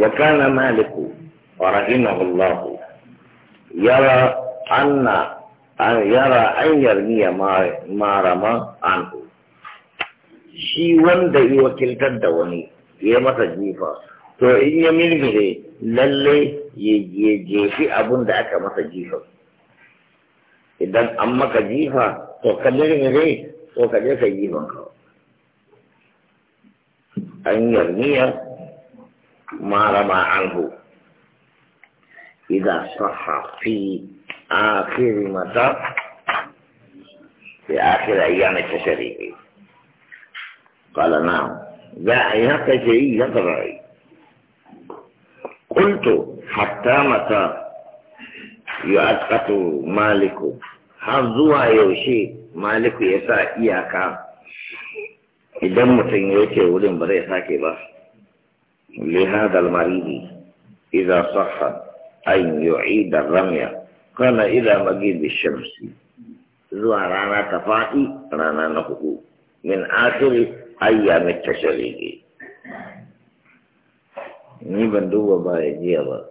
وكان مالك رحمه الله يرى أن يرى أن يرمي ما, ما shi wanda yi wakiltar da wani ya masa jifa to in ya mirmire lalle ya jefi abin da aka masa jifa idan an maka jifa to ka mirmire to ka je ka jifan kawai أن يرمي ما رمى عنه إذا صح في آخر مدى في آخر أيام التشريع قال نعم جاء يقتدي يقرأ قلت حتى متى يؤقت مالك har يوشي مالك maliku ya idan mutum ya ke wurin ba zai sake ba liha dalmari ne iza saha da ramya kana iza magi da shamsi zuwa rana ta fa'i rana na huɗu, min asiri ayya na tashari ni ban duba baya jiya ba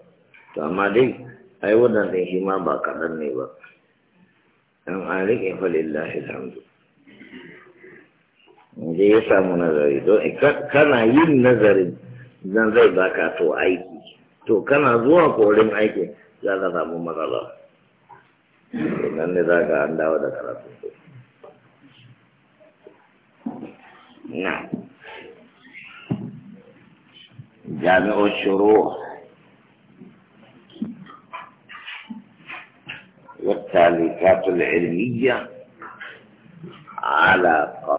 to amma dai ai wannan shi ma ba kaɗan ne ba an alikin falillahi alhamdulillah je ya samu nazari don kana yin nazarin zan zai baka to aiki to kana zuwa korin aiki za ka samu matsala nan ne za ka an dawo da karatu na jami'ar shuru والتعليقات العلميه على